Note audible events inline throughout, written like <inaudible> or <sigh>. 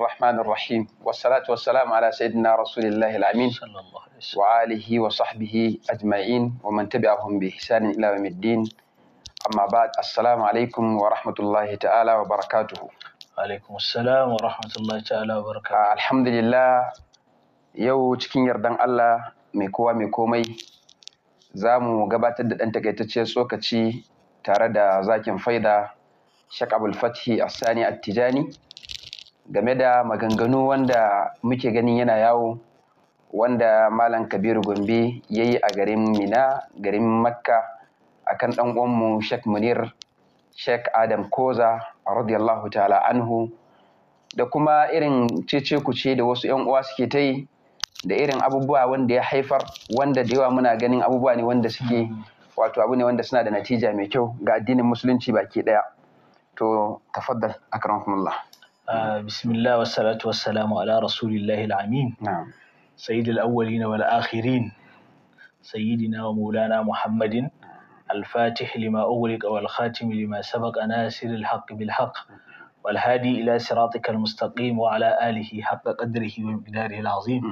الرحمن الرحيم والصلاة والسلام على سيدنا رسول الله الأمين وآله وصحبه أجمعين ومن تبعهم بإحسان إلى يوم الدين أما بعد السلام عليكم ورحمة الله تعالى وبركاته عليكم السلام ورحمة الله تعالى وبركاته الحمد لله يو cikin yardan Allah mai kowa mai komai za mu gabatar da ɗan takaitacciyar tsokaci tare da zakin faida Shaq Abul Fathi Asani Attijani game da maganganu wanda muke ganin yana yawo wanda malam kabiru gombe ya yi a garin mina garin makka akan ɗan ɗan'uwanmu sheikh munir sheikh adam koza radiyallahu ta'ala anhu da kuma irin cece kuce da wasu yan uwa suke ta yi da irin abubuwa wanda ya haifar wanda da yawa muna ganin abubuwa ne wanda suke wato abu ne wanda suna da natija mai kyau ga addinin musulunci baki daya to tafaddal akramukumullah بسم الله والصلاة والسلام على رسول الله العمين نعم سيد الأولين والآخرين سيدنا ومولانا محمد الفاتح لما أغلق والخاتم لما سبق ناصر الحق بالحق والهادي إلى صراطك المستقيم وعلى آله حق قدره ومقداره العظيم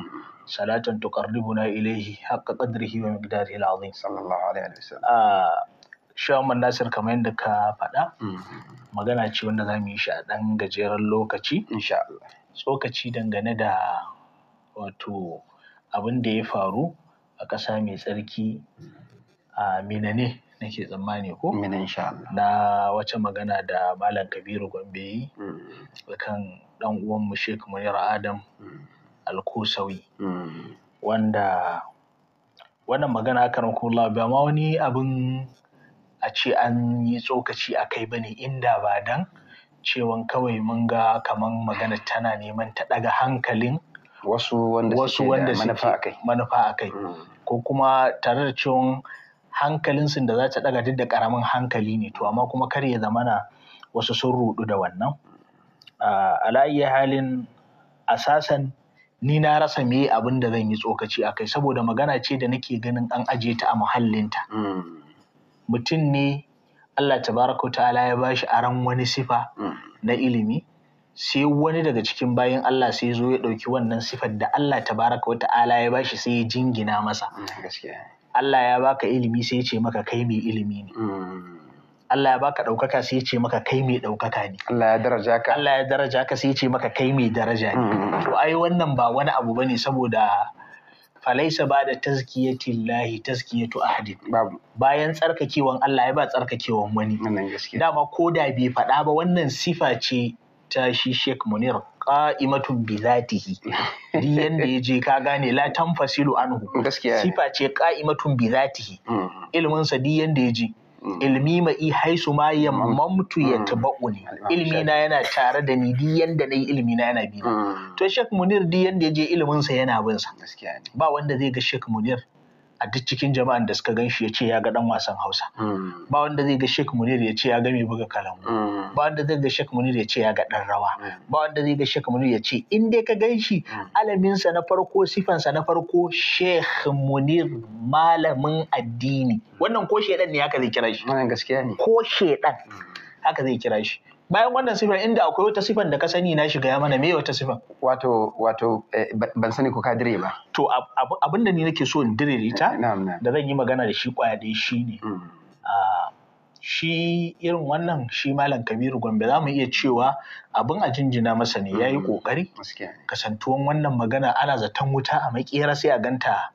صلاة تقربنا إليه حق قدره ومقداره العظيم صلى الله عليه وسلم آه shi Nasir kamar yadda ka faɗa mm-hmm. magana ce wanda za mu yi shi a ɗan gajeren lokaci tsokaci dangane da wato abin da ya faru a ƙasa mai tsarki a minane na nake tsammani ko na wace magana da Malam Kabiru Gombe yi mm-hmm. kan ɗan uwanmu Sheikh Munir Adam mm-hmm. Alkosawi wanda wannan magana aka ramakon ba ma wani abin a ce an yi tsokaci a kai bane inda ba dan cewan kawai mun ga kamar magana tana neman ta ɗaga hankalin wasu wanda suke manufa a kai hmm. ko kuma tare da cewa hankalinsu da za ta ɗaga duk da ƙaramin hankali ne to amma kuma kar ya zamana wasu sun rudu da wannan a ala'ayi halin asasan ni na rasa me abin da zan yi tsokaci a kai saboda magana ce da nake ganin an ajiye ta a muhallin ta. Hmm. mutum ne Allah tabaraka ta'ala ya bashi aran wani sifa na ilimi sai wani daga cikin bayan Allah sai zo ya ɗauki wannan sifar da Allah tabaraka ta'ala ya bashi sai ya jingina masa mm, Allah ya baka ilimi sai ya ce maka kai mai ilimi ne mm. Allah ya baka ɗaukaka sai ya ce maka kai mai ɗaukaka ne. Allah ya daraja ka. Allah ya daraja ka sai ya ce maka kai mai daraja ne. Mm. To ai wannan ba wani abu bane saboda falaisa ba da lahi tazkiyatu ahadi hadin bayan tsarkakewan Allah ya ba tsarkakewan wani dama ko da bai faɗa ba wannan sifa ce ta shi Sheikh Munir qa'imatun bi zatihi di yanda yaje ka gane la tanfasilu anhu sifa ce qa'imatun bi zatihi mm. ilmin sa di yanda yaje Mm. ilmi ma i haisu ma ya mm. mamtu ya mm. taba'uni ilmi na yana tare da ni duk yanda nayi ilmi na yana bi to shek Munir duk yanda ya je ilimin sa yana bin sa ba wanda zai ga shek Munir a duk cikin jama'an da suka gan shi ya ce ya ga dan wasan Hausa. Hmm. Ba wanda zai ga Sheikh Munir ya ce ya ga mai buga kalamu. Hmm. Ba wanda zai ga Sheikh Munir ya ce ya ga dan rawa. Hmm. Ba wanda zai ga Sheikh Munir ya ce in dai ka gan shi alaminsa na farko sa na farko Sheikh Munir malamin addini. Wannan ko shedan ne haka zai kira shi. Wannan gaskiya ne. Ko shedan haka zai kira shi. bayan wannan sifar inda akwai wata sifar da ka sani na shiga ya mana me wata sifar wato wato eh, ban sani ko ka dire ba to abin da ni nake so in dire ita eh, da zan yi magana da shi kwaya dai shine mm. shi irin wannan shi malam kabiru gombe za mu iya cewa abin a jinjina masa ne yayi yi mm. ƙoƙari kasantuwan wannan magana ana zaton wuta a makera sai a ganta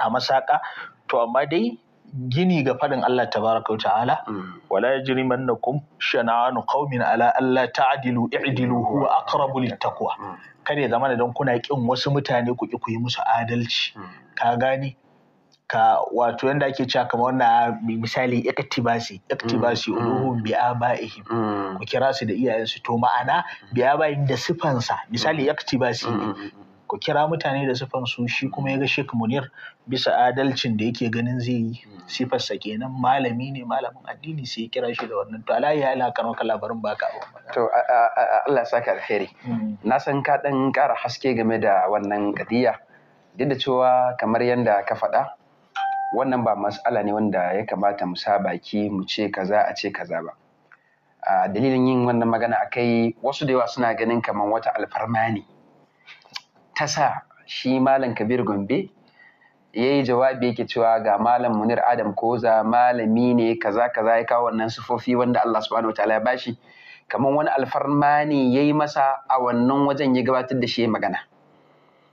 a masaka to amma dai gini ga faɗin Allah baraka wa ta'ala mm. wala ya yajrimannakum shana'anu qaumin ala alla ta'dilu i'dilu huwa aqrabu littaqwa mm. kare zamana don kuna kin wasu mutane ku ki yi musu adalci mm. ka gane ka wato yadda ake cewa kamar wannan ah, misali iktibasi iktibasi uluhum bi abaihim ku kira su da iyayensu to ma'ana bi abaihim da sifansa misali iktibasi ne ku kira mutane da sifan su shi kuma ya ga Sheikh Munir bisa adalcin da yake ganin zai yi hmm. sifarsa kenan malami ne malamin addini sai ya kira shi da wannan to alayi ya ila karon labarin baka abu to Allah ya saka alheri hmm. na san ka dan kara haske game da wannan kadiya duk da cewa kamar yanda ka faɗa wannan ba mas'ala ne wanda ya kamata mu sa baki mu ce kaza a ce kaza ba a dalilin yin wannan magana akai wasu da yawa suna ganin kamar wata alfarmani. ta sa shi malam kabir gombe ya yi jawabi yake cewa ga malam munir adam koza malami ne kaza kaza ya kawo wannan sufofi wanda allah subhanahu wa ta'ala ya bashi kamar wani alfarma ne ya yi masa a wannan wajen ya gabatar da shi ya magana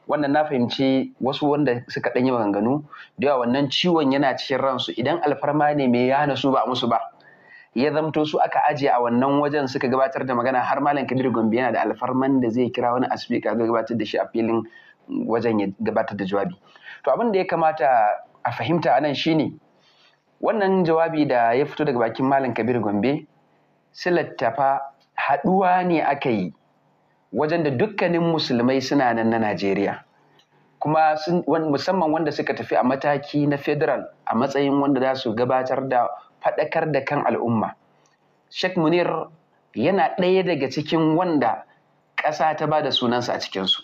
wannan na fahimci wasu wanda suka ɗanyi yi maganganu da yawa wannan ciwon yana cikin ransu idan alfarma ne mai ya hana su ba musu ba ya zamto su aka ajiye a wannan wajen suka gabatar da magana har malam kadir gombe yana da alfarman da zai kira wani aspika zai gabatar da shi a filin wajen ya gabatar da jawabi to abin da ya kamata a fahimta anan shine wannan jawabi da ya fito daga bakin malam kabir gombe silattafa haɗuwa ne aka yi wajen da dukkanin musulmai suna nan na najeriya kuma musamman wanda suka tafi a mataki na federal a matsayin wanda za su gabatar da faɗakar da kan al'umma Sheikh Munir yana ɗaya daga cikin wanda ƙasa ta ba da sunansa a cikinsu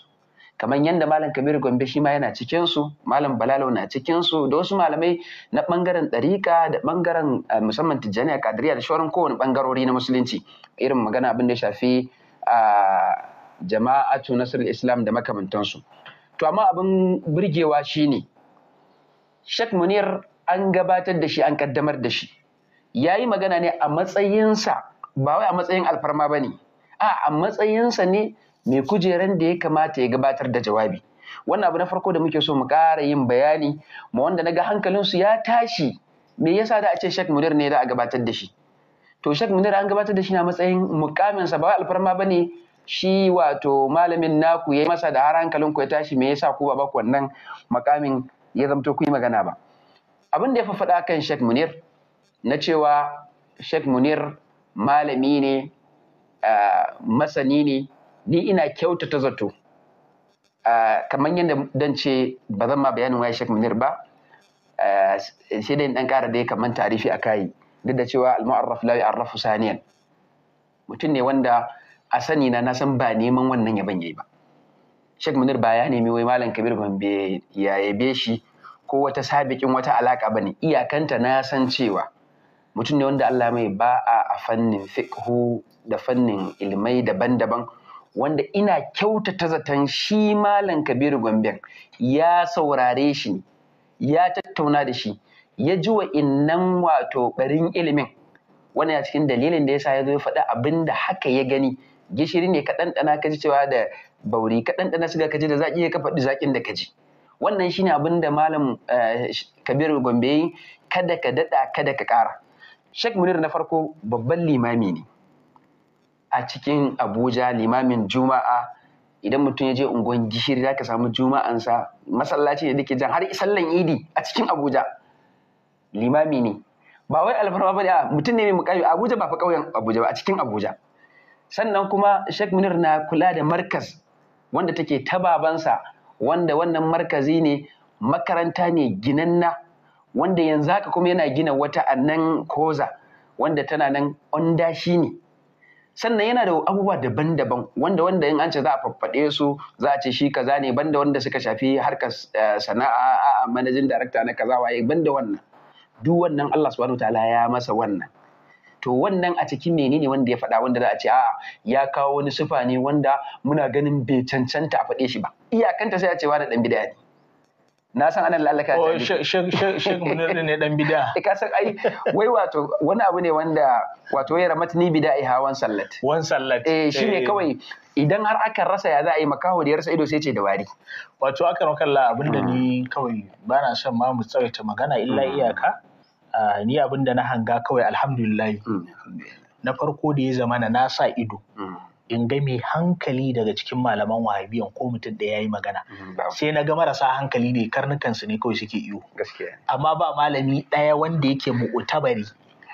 kamar yadda malam kabir gombe shi ma yana cikinsu malam Balalu na cikinsu da wasu malamai na ɓangaren ɗariƙa da ɓangaren eh, musamman a kadiriya da shawarar kowane ɓangarori na musulunci irin magana abin da ya shafi ah, jama'atu nasar islam da makamantansu to amma abin burgewa shine Sheikh Munir an gabatar da shi an kaddamar da shi ya yi magana ne a matsayinsa ba wai a matsayin alfarma ba ne a a matsayinsa ne mai kujeran da ya kamata ya gabatar da jawabi wannan abu na farko da muke so mu ƙara yin bayani ma wanda na ga hankalinsu ya tashi me yasa da a ce shek Munir ne da a gabatar da shi to shek Munir an gabatar da shi na matsayin mukaminsa ba alfarma ba ne shi wato malamin naku ya yi masa da har hankalin ku ya tashi me yasa ku ba ba wannan makamin ya zamto ku yi magana ba abin da ya faɗa kan shek Munir na cewa Sheikh Munir malami ne masani ne ni ina kyautata zato kamar yadda dan ce ba zan ma bayanin waye Sheikh Munir ba sai dai dan kara dai kamar tarifi akai duk da cewa al-mu'arraf la arrafu saniyan mutum ne wanda a sani na na san ba neman wannan ya banye ba Sheikh Munir ba ya nemi wai Malam Kabir ban ya yabe shi ko wata sabikin wata alaka bane iyakanta na san cewa mutum ne wanda Allah mai ba a fannin fiqhu da fannin ilmai daban-daban wanda ina kyautata zaton shi malam kabiru Gombe ya saurare shi ya tattauna da shi ya ji wa innan wato barin ilimin wannan a cikin dalilin da yasa ya zo ya faɗi abin da haka ya gani gishiri ne ka ɗanɗana ka ji cewa da bauri ka ɗanɗana suga ka ji da zaƙi ka faɗi zaƙin da ka ji wannan shine abin da malam eh, kabiru gombe kada ka daɗa kada ka ƙara Sheikh Munir na farko babban limami ne a cikin Abuja limamin Juma'a idan mutum ya je unguwan gishiri za ka samu juma'ansa masallaci da dake jan har sallan idi a cikin Abuja limami ne ba wai alfarma ba da mutum ne mai mukami Abuja ba fa ƙauyen Abuja ba a cikin Abuja sannan kuma Sheikh Munir na kula da markaz wanda take ta babansa wanda wannan markazi ne makaranta ne ginanna wanda yanzu haka kuma yana gina wata a nan koza wanda tana nan onda shi ne sannan yana da abubuwa daban-daban wanda wanda in an ce za a faffaɗe su za a ce shi kaza ne banda wanda suka shafi harka eh, sana'a a manajin darakta na kaza waye banda wannan duk wannan Allah subhanahu ta'ala ya masa wannan to wannan a cikin menene wanda ya faɗa wanda za a ce a'a ya kawo wani sufa ne wanda muna ganin bai cancanta a faɗe shi ba iyakanta sai a ce wani dan bid'a ne na san ana lalaka ta oh, shek munir ne dan bida <laughs> eh, ka san ai wai wato wani abu ne wanda wato ya ramat ni bida ai hawan sallat wan sallat eh shine eh. kawai idan har aka rasa ya za a yi makaho da ya rasa ido sai ce da wari wato aka rakalla abin da ni hmm. kawai ba na son ma mu tsawaita magana illa hmm. iyaka ah, ni abin da na hanga kawai hmm, alhamdulillah na farko da ya zamana na sa ido in ga mai hankali daga cikin malaman wahabiyan ko mutum da ya yi magana mm, sai na ga marasa hankali ne karnukan ne kawai suke iyo amma ba malami ɗaya wanda yake mu'utabari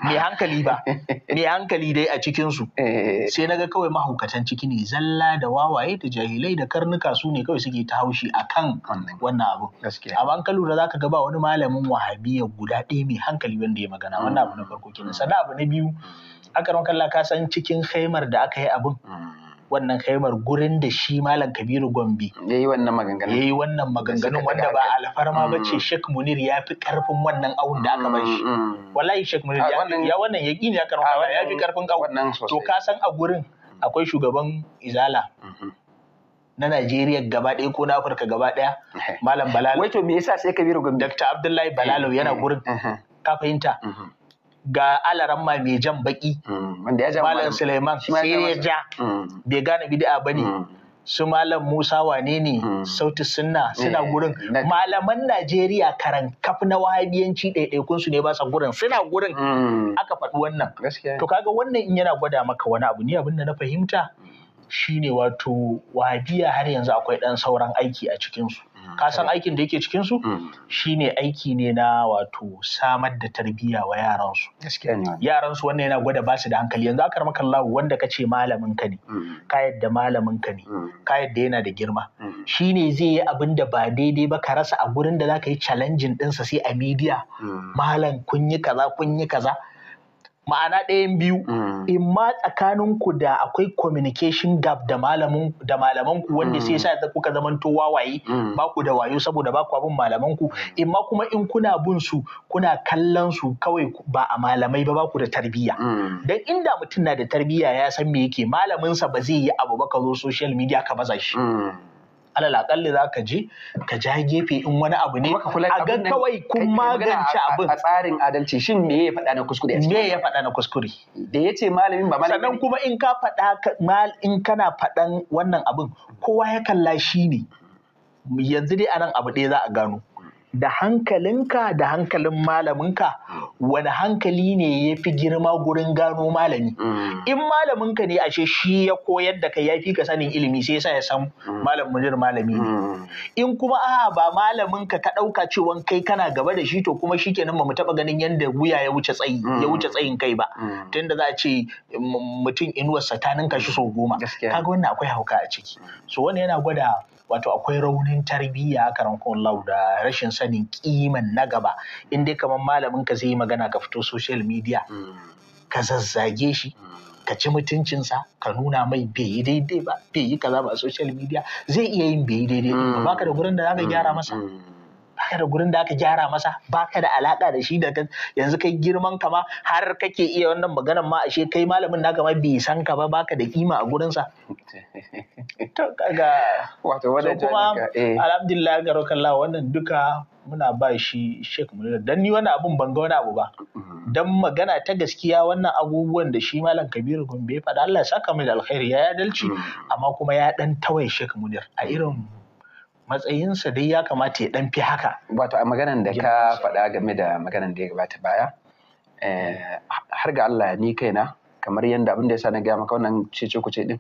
mai hankali ba mai hankali dai a cikinsu <laughs> eh. sai na ga kawai mahaukatan ciki ne zalla da wawaye da jahilai da karnuka su ne kawai suke ta haushi a kan wannan abu a ban lura za ka ga ba wani malamin wahabiya guda ɗaya mai hankali wanda ya magana wannan abu na farko kenan sannan abu na biyu mm. akaron kalla ka san cikin haimar da aka yi abun mm. wannan haimar gurin da shi malam kabiru gombe ya yi wannan maganganun ya yi wannan maganganun wanda ba alfarma ba ce mm. shek munir ya fi karfin wannan awun da aka bar shi mm, wallahi shek munir ya wannan ya ƙi ne ya karfa ya fi karfin awun to ka san a gurin akwai shugaban izala mm-hmm. na Najeriya gaba ɗaya ko na Afirka gaba ɗaya <laughs> malam balalo wai to me yasa sai kabiru gombe Dr. Abdullahi Balalo yana mm-hmm. gurin mm-hmm. ka fahimta ga alaran ma mai jan baki mm, malam suleiman sai ya ja mm. bai gane bid'a ba ne mm. su malam musa wane ne sauti sunna suna eh, gurin malaman najeriya karan kaf na wahabiyanci ɗaiɗaikun su ne ba sa gurin suna gurin aka faɗi wannan to kaga wannan in yana gwada maka wani abu ni abin da na fahimta shine wato wahabiya har yanzu akwai ɗan sauran aiki a cikinsu Mm. ka san aikin da yake cikin su mm. shine aiki ne na wato samar da tarbiyya wa yaran su yaran su wannan yana gwada ba su da hankali yanzu aka maka Allah wanda kace malamin ka ne mm. ka yadda malamin ka ne ka yadda yana da girma shine zai yi abin da ba daidai ba ka rasa a gurin da zaka yi challenging ɗinsa sai a media malam kun yi kaza kun yi kaza ma'ana ɗayan biyu mm. in ma tsakanin ku da akwai communication gap da malamin da malaman ku wanda mm. sai sa da kuka zamanto wawaye mm. ba ku da wayo saboda ba ku abin malaman ku in ma kuma in kuna bin su kuna kallon su kawai ba a malamai ba ba ku da tarbiyya dan inda mutum na da tarbiyya ya san me yake malamin sa ba zai yi abu ba ka zo social media ka baza shi alal akalli za ka je ka ja gefe in wani abu ne a ga kawai kun magance abin a tsarin adalci shin me ya faɗa na kuskure me ya faɗa na kuskure da ya ce malamin ba malamin sannan kuma in ka faɗa in kana faɗan wannan abin kowa ya kalla shi ne yanzu dai anan abu ɗaya za a gano da hankalinka da hankalin malaminka wani hankali ne ya fi girma gurin gano malami mm. in malaminka ne ashe shi ya koyar da ka ya fi ka sanin ilimi sai sa ya san mm. malam mujir malami ne mm. in kuma a ba malaminka ka ɗauka cewa kai kana gaba da shi to kuma shi kenan ba mu taɓa ganin yadda wuya ya wuce tsayi ya wuce tsayin kai ba tunda za a ce mutum inuwarsa ta ninka shi sau goma kaga wannan akwai hauka a ciki so wani yana gwada wato akwai raunin tarbiyya karan da rashin sa sanin kiman na gaba in dai kamar malamin ka zai yi magana ka fito social media ka zazzage shi ka ci mutuncinsa ka nuna mai bai yi daidai ba bai yi kaza ba a social media zai iya yin bai yi daidai ba ka da gurin da ka gyara masa baka da gurin da aka gyara masa baka da alaka da shi da yanzu kai girman ka ma har kake iya wannan maganan ma ashe kai malamin naka ma bai san ka ba baka da kima a gurin sa <laughs> to kaga wato wannan kuma eh. alhamdulillah garokan Allah wannan duka muna ba shi Sheikh Munir dan ni wani abun ban ga wani abu ba dan magana ta gaskiya wannan abubuwan da shi Malam Kabir Gombe ya faɗa Allah ya saka mai da alkhairi ya adalci amma kuma ya dan tawaye Sheikh Munir a irin matsayinsa dai ya kamata ya dan fi haka wato a maganan da ka faɗa game da maganan da ya gabata baya eh, har ga Allah ni kaina kamar yanda abin da yasa na gaya maka wannan cece kuce din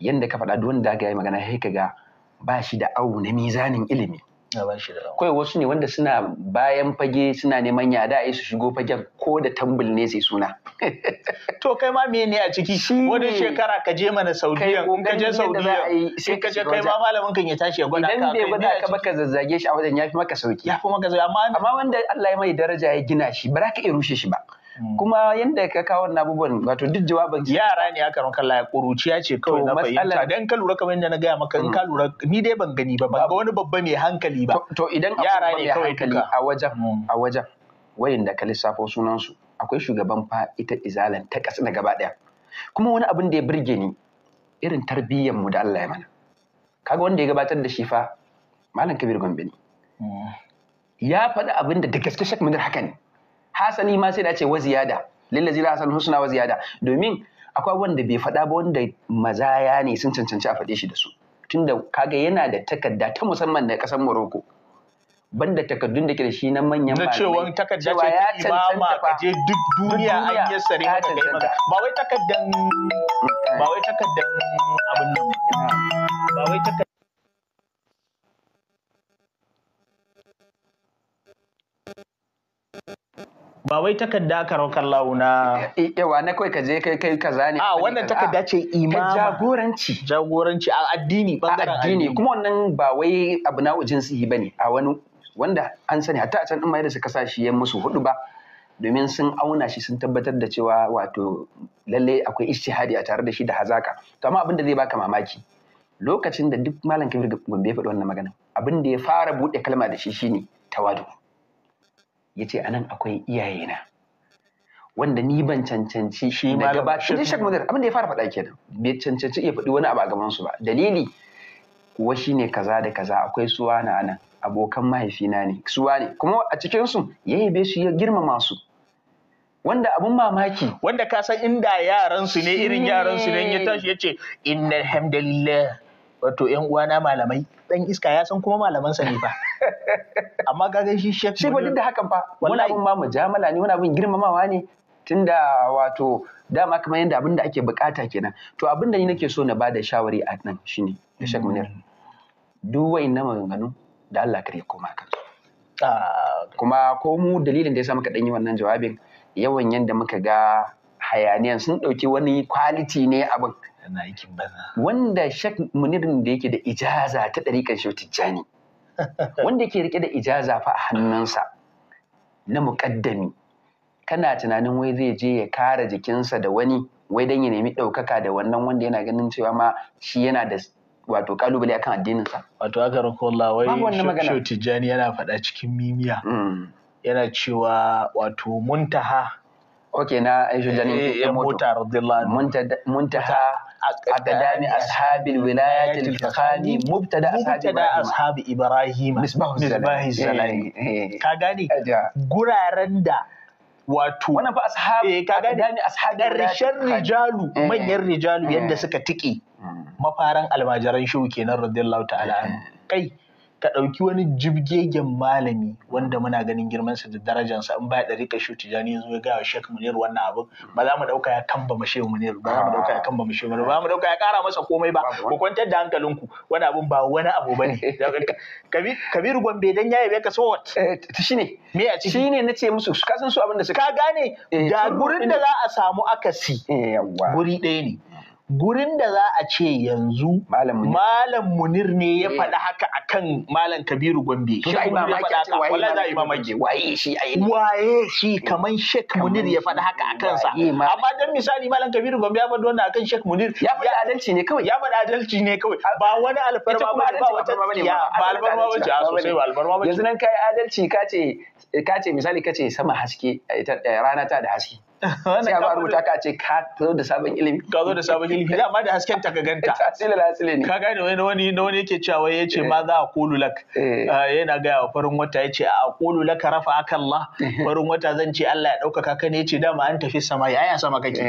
yanda ka faɗa duk wanda ga yi magana sai ka ga ba shi da awu na mizanin ilimi Akwai wasu ne wanda suna bayan fage suna neman yada a su shigo fagen ko da tambul ne sai suna. <laughs> to kai ma me ne a ciki shi wani shekara ka je mana Saudiya in ka je Saudiya sai ka je kai ma malamin kan ya tashi ya gwada ka idan bai gwada ka baka zazzage shi a wajen yafi maka sauki. Yafi maka sauki amma amma wanda Allah ya mai daraja ya gina shi ba za ka iya rushe shi ba. Hmm. kuma yanda ka kawo wannan abubuwan wato duk jawabin yara ne aka ronka la kuruciya ce kawai na fahimta dan ka lura kamar yadda na gaya maka in ka hmm. lura ni dai ban gani ba ban ga wani babba mai hankali ba to idan yara ne kawai hankali a wajen hmm. a wajen wayin da ka lissafo sunan su akwai shugaban fa ita izalan ta kasa na gaba daya kuma wani abin da ya burge ni irin tarbiyyar mu da Allah ya mana kaga wanda ya gabatar da shi fa malam kabir gombe ne ya faɗi abin da da gaske shakmin munir haka ne hasali ma sai da ce wa ziyada da hasan husna wa ziyada domin akwai wanda bai faɗa ba wanda mazaya ne sun cancanci a faɗe shi da su tunda kaga yana da takarda ta musamman na ƙasar Morocco banda takardun da ke da shi na manyan malamai. cewa takarda ce ta imama ka je duk duniya an yi sare maka kai maka. Ba wai takardan ba wai takardan abin nan. Ba wai takardan ba wai takarda ka kallawo launa. yawa na e, e, kai ka je kai kai ka zane. a wannan takarda ce imama jagoranci jagoranci a addini bangaren addini kuma wannan ba wai abu na ba bane a wani wanda an sani hatta a can din ma da suka sa shi ya musu hudu ba domin sun auna shi sun tabbatar da cewa wato lallai akwai ishtihadi a tare da shi da hazaka to amma abin da zai baka mamaki lokacin da duk malam kabir gombe ya faɗi wannan magana abin da ya fara buɗe kalma da shi shine tawadu ya ce anan akwai iyayena wanda ni ban cancanci shi ma gaba shi shek munir abin da ya fara faɗa kenan bai cancanci iya faɗi wani abu a gaban su ba dalili kuwa shi ne kaza da kaza akwai suwa na nan. abokan mahaifina ne suwa ne kuma a cikin su ya bai su ya girmama su wanda abun mamaki wanda ka san inda yaran su ne irin yaran su ne ya tashi ya ce inna alhamdulillah. wato yan uwana malamai dan iska ya san kuma malaman sa ne fa amma gaga shi shek shi duk da hakan fa wani abin ma mujamala ne wani abin girmamawa ne tunda wato dama kamar yadda abin da ake bukata kenan to abin da ni nake so na bada shawari a nan shine da shek munir duk na maganganu da Allah kare koma kan ah, kuma ko mu dalilin da ya sa muka danyi yi wannan jawabin yawan yanda muka ga hayaniyan sun ɗauki wani kwaliti ne abin wanda shek munirin da yake da ijaza ta ɗariƙar shi tijjani wanda yake rike da ijaza fa a hannunsa na muƙaddami kana tunanin wai zai je ya kare jikinsa da wani wai dan ya nemi ɗaukaka da wannan wanda yana ganin cewa ma shi yana da wato kalubale akan addininsa wato aka Allah wai shi tijjani yana faɗa cikin mimiya mm. yana cewa wato muntaha ok na Aisha jani eh, ya mota radiyallahu muntaha أقدام أصحاب الولاية الفخام مبتدأ أصحاب إبراهيم مصباح الزلال كاغاني غرارن wato wannan fa eh kaga gane ashab rijalu manyan rijalu yadda suka tiki mafaran almajiran shehu kenan radiyallahu ta'ala kai ka ɗauki wani jibgegen malami wanda muna ganin girmansa da darajansa in ba ɗari ka tijani ya zo ya gaya wa Sheikh Munir wannan abin ba za mu ɗauka ya kamba mashe Munir ba za mu ɗauka ya kamba mashe Munir ba za mu ɗauka ya ƙara masa komai ba ku kwantar da hankalinku wani abin ba wani abu ba ne <laughs> Kabiru Gombe dan ya yabe ka so eh, Shi shine me a ciki shine nace musu ka san su abin da suka ka gane eh, da gurin da za a samu akasi eh, guri ɗaya ne gurin da za a ce yanzu malam munir ne ya eh. faɗi haka akan malam kabiru gombe shi ai mamaki a ce waye za yi mamaki waye shi ai waye shi kaman shek munir ya faɗi haka akan sa amma dan misali malam kabiru gombe ya faɗi wannan akan shek munir ya faɗi adalci ne kawai ya faɗi adalci ne kawai ba wani alfarma ba ba wata ba alfarma ba ce a sosai ba alfarma ba yanzu nan kai adalci ka ce misali ka ce sama haske eh, eh, rana ta da haske <laughs> sai a rubuta ka ce ka zo da sabon ilimi ka zo da sabon ilimi <laughs> dama da hasken ta ka ganta <laughs> asili la asili ne ka gane wani wani na wani yake cewa wai yace eh. ma za a qulu lak eh. ah, yana ga wa farin wata ya ce a qulu lak rafa aka Allah eh. farin wata zan ce Allah ya dauka ka ne ce dama an tafi sama ya yaya sama kake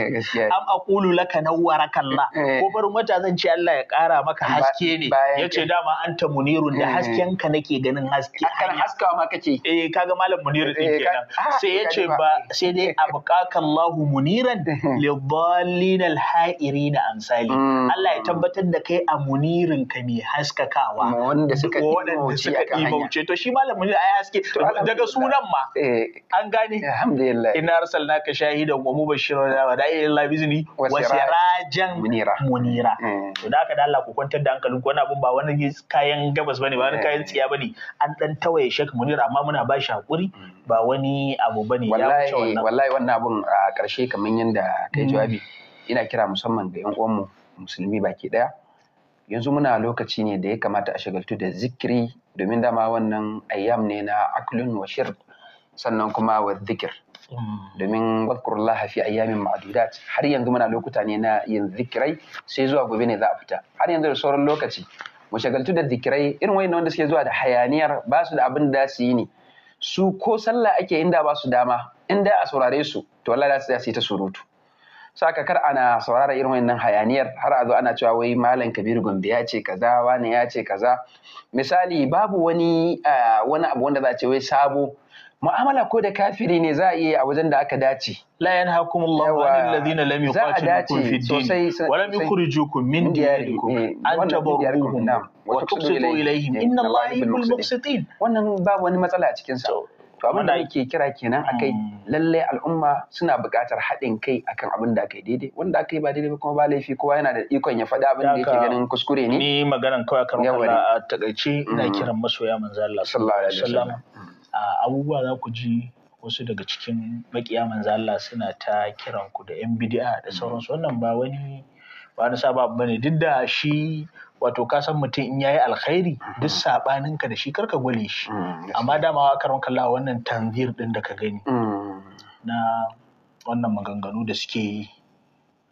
am a qulu lak nawwaraka Allah ko farin wata zan ce Allah ya kara maka haske ne Ya ce dama an ta munirun da hasken ka nake ganin haske kan haskawa ma kake eh kaga malam munir din kenan ah, sai yace ba sai dai abqaka Allahu muniran <laughs> lidallin alha'irina amsali mm. Allah ya tabbatar da kai a munirin ka mai haskakawa wanda suka suka ɗibauce to shi malam munir ai haske daga sunan ma eh, an gane alhamdulillah inna arsalnaka shahidan wa mubashiran wa da'ilan ila bizni wa sirajan munira eh. to da haka da Allah ku kwantar da hankalin ku wani abun ba wani kayan gabas bane ba wani eh. kayan tsiya bane an dan tawaye shak munir amma muna ba shi hakuri mm. ba wani abu bane ya wuce wannan wallahi wannan abun a ƙarshe kamar yadda yi mm. jawabi ina kira musamman ga 'yan uwanmu musulmi baki ɗaya yanzu muna lokaci ne da ya kamata a shagaltu da zikiri domin dama wannan ayyam ne na aklun wa shir sannan kuma wa zikir mm. domin lahafi fi ayyamin ma'adudat har yanzu muna lokuta ne na yin zikirai sai zuwa gobe ne za a fita har yanzu da sauran lokaci mu shagaltu da zikirai irin wayannan wanda suke zuwa da hayaniyar ba su da abin da su yi ne su ko sallah ake inda ba su dama inda a saurare su to wallahi za su yi ta surutu saka kar ana saurara irin wannan hayaniyar har a zo ana cewa wai malam kabiru gombe ya ce kaza wani ya ce kaza misali babu wani eh, wani abu wanda za a ce wai sabo mu'amala ko da kafiri ne za a iya a wajen da aka dace la yanhakumullahu anil ladina lam yuqatilukum fid din wa lam yukhrijukum min diyarikum eh, an tabarruhum wa tuqsitu ilayhim eh, inna allaha yuhibbul muqsitin wannan babu wani matsala a cikin sa to abin da ake kira kenan akai hmm. lallai al'umma suna buƙatar haɗin kai akan abin da aka yi daidai wanda aka yi ba daidai kuma ba laifi kowa yana da ikon ya faɗi abin da yake ganin kuskure ne ni maganan kawai kan a takaice ina hmm. kiran masoya manzo Allah sallallahu alaihi wasallam abubuwa za ku ji wasu daga cikin maƙiya manzo Allah suna ta kiran ku da yan bid'a da mm. sauransu wannan ba wani ba wani sabab bane duk da shi wato ka san mutum in ya yi alkhairi mm. duk sabaninka da shi kar ka gwale shi mm, amma dama karon kalla wannan tanzir ɗin da ka gani na wannan maganganu da suke yi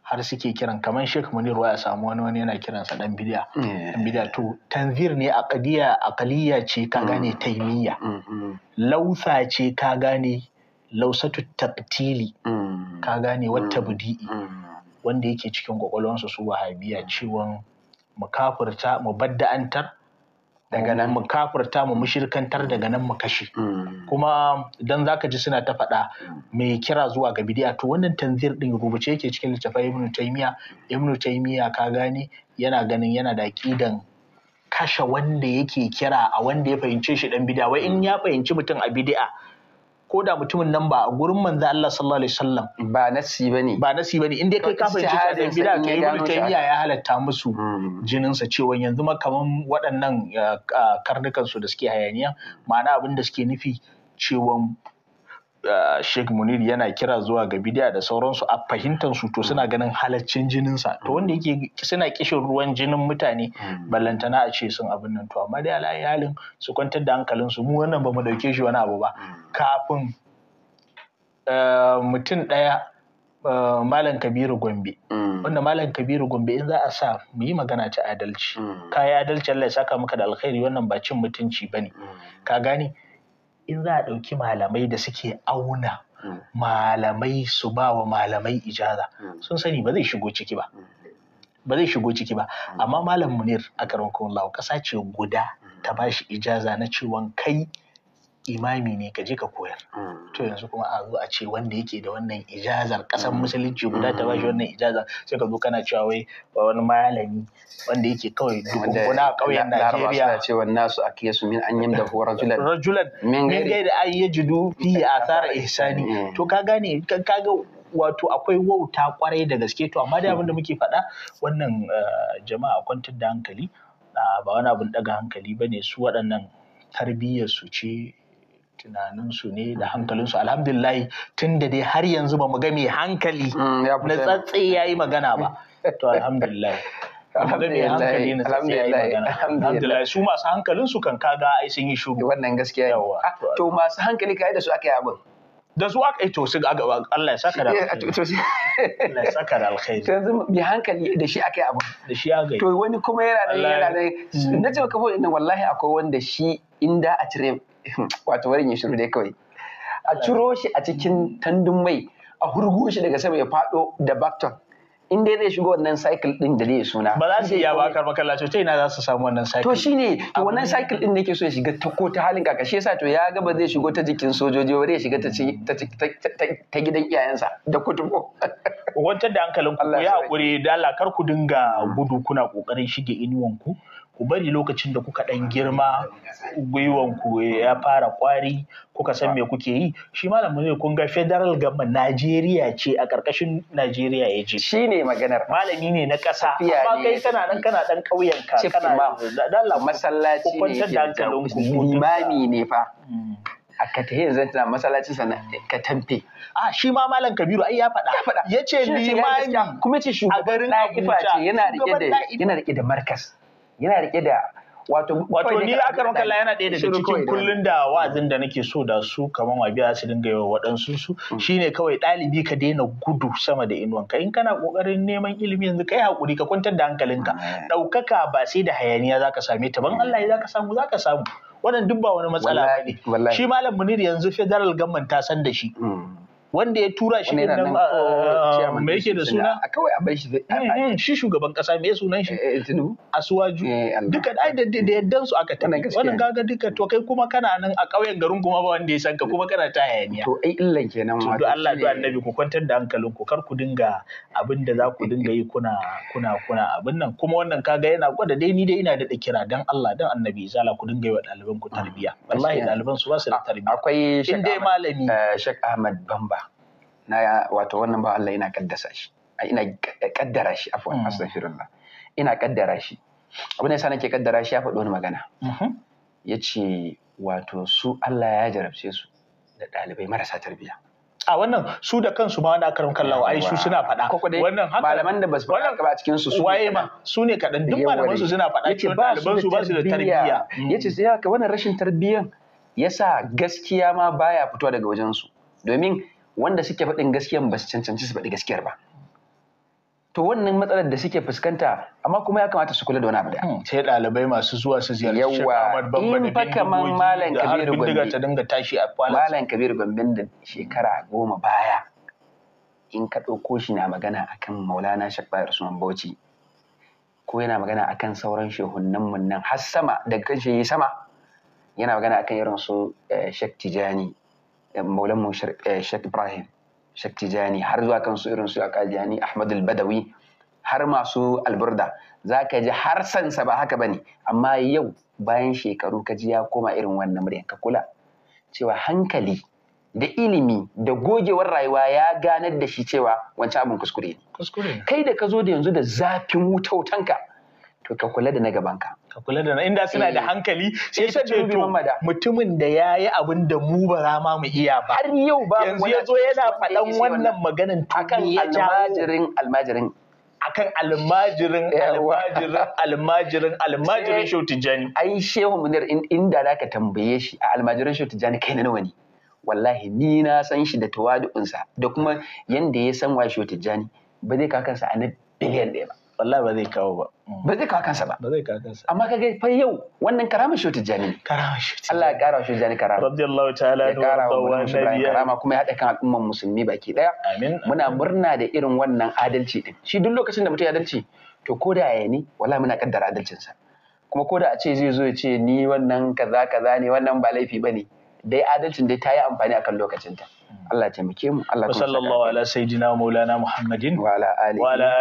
har suke kiran kamar Sheikh Munir ya samu wani wani yana kiransa dan bidiya dan bidiya to tanzir ne aqdiya aqliya ce ka mm-hmm. gane taimiyya mm-hmm. lausa ce ka gane lausatu taqtili mm-hmm. ka gane wata budi'i wanda yake cikin kwakwalwansu su wahabiya ciwon mu kafirta mu badda'antar daga nan mu kafurta mu mushirkantar daga nan mu kashe mm. kuma dan zaka ji suna ta faɗa mm. mai kira zuwa ga bidiya to wannan tanzir din rubuce yake cikin littafin Ibn taymiya Ibn taymiya ka gane yana ganin yana da aqidan kashe wanda yake kira a wanda ya fahimce shi dan bidiya wai in ya fahimci mutum a bidi'a ko da mutumin nan ba a gurin manzo Allah sallallahu alaihi wasallam ba nasi bane ba nasi bane inda kai ka fahimci kadan bid'a kai ibnu taymiya ya halatta musu hmm. jinin sa cewa yanzu ma kaman waɗannan karnukan su da suke hayaniya ma'ana abin da suke nufi cewa Uh, Sheikh Munir yana kira zuwa ga bidiya da sauransu a fahimtar su to suna ganin halaccin jininsa sa to wanda yake suna kishin ruwan jinin mutane hmm. ballantana a ce sun abin nan to amma dai ala halin su kwantar da hankalin su mu wannan bamu dauke shi wani abu ba hmm. kafin uh, mutum ɗaya uh, Malam Kabiru Gombe. Hmm. Wanda Malam Kabiru Gombe in za a sa mu yi magana ta adalci. Ka yi adalci Allah ya saka maka da alkhairi wannan ba cin mutunci ba ne. Ka gane? in za a ɗauki malamai da suke auna hmm. malamai su ba wa malamai ijaza hmm. sun sani ba zai shigo ciki ba hmm. ba zai shigo ciki ba amma malam munir a karon kawon ƙasa ce guda ta ba shi ijaza na ciwon kai imami ne ka je ka koyar mm. to yanzu kuma a zo a ce wanda yake da wannan ijazar kasan mm. musulunci guda ta mm. bashi wannan ijazar sai ka zo kana cewa wai ba wani malami wanda yake kawai dukunkuna a ƙauyen Najeriya suna wannan nasu a min an yamda ko rajulan rajulan min gaida an yajidu fi asara ihsani to ka gane ka ga wato akwai wauta kwarai da gaske to amma da abin da muke faɗa wannan eh, jama'a kwantar da hankali ah, ba wani abin ɗaga hankali bane su waɗannan tarbiyyar su ce tunaninsu ne da hankalinsu alhamdulillah tun da dai har yanzu ba mu ga mai hankali mm, na tsatse ya yi magana ba to alhamdulillah <laughs> alhamdulillah su masu hankalin su kan kaga ai sun yi shuru wannan gaskiya yawa ah, to masu hankali kai da su aka yi abin da su aka yi to su Allah ya saka da <laughs> Allah ya saka da alkhairi <laughs> yanzu bi hankali da shi aka yi abin da shi aka yi to wani kuma yana da yana da na ce maka fa wallahi akwai wanda shi inda a cire <laughs> wato wani ne shiru dai kawai a ciro shi a cikin tandun mai a hurgo shi daga sama ya fado da bakton in dai zai shigo wannan cycle din da zai suna ba za su iya ba kar makallaci ta ina za su samu wannan cycle to shine to wannan cycle din nake so ya shiga ta ko ta halin kaka shi yasa to ya ga ba zai shigo ta jikin sojoji ba zai shiga ta ta ta gidan iyayensa da kutubo wancan da hankalin <laughs> ku ya hakuri da Allah kar ku dinga gudu kuna kokarin shige inuwan ku ku bari lokacin da kuka ɗan girma gwiwanku ya fara kwari kuka san me kuke yi shi malam ne kun ga federal government Najeriya ce a ƙarƙashin Najeriya ya je shi ne maganar malami ne na ƙasa amma kai kana nan kana ɗan ƙauyen ka kana dalla masallaci ne kwanta da hankalin ku limami ne fa mm. a ka ta yanzu tana masallaci sana ka tamfe a ah, shi ma malam kabiru ai ya faɗa ya ce limami kuma ce shugaban ɗa'ifa ce yana rike da yana rike da markas yana rike da wato wato ni aka yana ɗaya daga cikin kullun da wa'azin da nake so da su kamar ma biya su dinga yawa waɗansu su mm. shine kawai ɗalibi ka daina gudu sama da inuwanka ka in kana kokarin neman ilimi yanzu kai hakuri ka kwantar da hankalinka ɗaukaka ba sai da hayaniya zaka same ta ban Allah ya zaka samu zaka samu wannan duk ba wani matsala ba ne shi malam munir yanzu federal government ta san da shi mm. wanda ya tura shi ne nan ah, oh, ah, ah, me yake da suna a kawai a bai shi eh, eh, shi shugaban kasa me sunan shi eh, asuwaju duka da yaddan su aka tafi wannan gaga duka to kai kuma kana nan a ƙauyen garin kuma ba wanda ya san ka kuma kana ta hayaniya to ai illan kenan ma to Allah da annabi ku kwantar da hankalinku kar ku dinga abin da za ku dinga yi kuna kuna kuna abin nan kuma wannan kaga yana gwada dai ni dai ina da kira dan Allah dan annabi zala ku dinga yi wa ɗaliban ku tarbiya wallahi ɗaliban su ba su da tarbiya akwai shek Ahmad Bamba na wato wannan ba Allah ina kaddasa shi ina kaddara shi afwan mm. astaghfirullah ina kaddara shi abin da yasa nake kaddara shi ya faɗi wani magana mm-hmm. yace wato su Allah ya jarabce su da ɗalibai marasa tarbiyya a wannan su da kansu ma wanda karam kallawa ai su suna faɗa wannan haka malaman da basu faɗa ba cikin su su waye ma su ne kaɗan duk malaman su suna faɗa yace ba su ba su da tarbiyya yace mm. sai haka wannan rashin tarbiyyan yasa gaskiya ma baya fitowa daga wajen su domin wanda suke faɗin gaskiyan ba su cancanci su faɗi gaskiyar ba to wannan matsalar da suke fuskanta amma kuma ya kamata su kula da wani abu da hmm, sai ɗalibai masu zuwa su ziyarci Sheikh Ahmad Bamba da Malam Kabiru Gombe ta tashi a kwanan. Malam Kabiru Gombe da shekara goma baya in ka ɗauko shi na magana akan Maulana Sheikh Bayar Usman Bauchi ko yana magana akan sauran shehunan mun nan har sama daga kan shi sama yana magana akan irin su eh, Sheikh Tijani maulanmu eh, Sheikh ibrahim Sheikh tijani har zuwa kan kansu irin su akadiyani ahmad badawi har masu alburda za ka ji har sansa ba haka bane amma yau bayan shekaru ka ji ya koma irin wannan murya ka kula cewa hankali da ilimi da gogewar rayuwa ya ganar da shi cewa wancan abin kuskure ne kai da ka zo da yanzu da zafin wuta wutanka to ka kula da na gaban ka ka kula da inda suna da eh. hankali sai ta ce to mutumin da ya yi abin da mu ba za ma mu iya ba har yau ba yanzu ya zo yana faɗan wannan maganan kan almajirin almajirin akan almajirin almajirin almajirin almajirin shehu tijjani ai shehu munir inda ka tambaye shi a almajirin shehu tijjani kai na nawa ne wallahi ni na san shi da tawadu'unsa da kuma yanda ya san wa shehu tijjani ba zai kakansa a na biliyan ɗaya ba wallahi ba zai kawo ba mm. ba zai kawo kansa ba ba zai kawo kansa amma kaga fa yau wannan karama shi tijani. karama shi Allah ya kara shi tijani karama Allah ta'ala ya kara wa nabi karama kuma ya haɗa kan al'umman musulmi baki daya amin muna murna da irin wannan adalci din shi duk lokacin da mutum ya adalci to ko da yaya ne wallahi muna kaddara adalcinsa kuma ko da a ce zai zo ya ce ni wannan kaza kaza ne wannan ba laifi bane dai adalcin dai ta yi amfani akan lokacinta mm. Allah ya taimake mu Allah ya sallallahu ala sayyidina maulana muhammadin wa ala alihi wa ala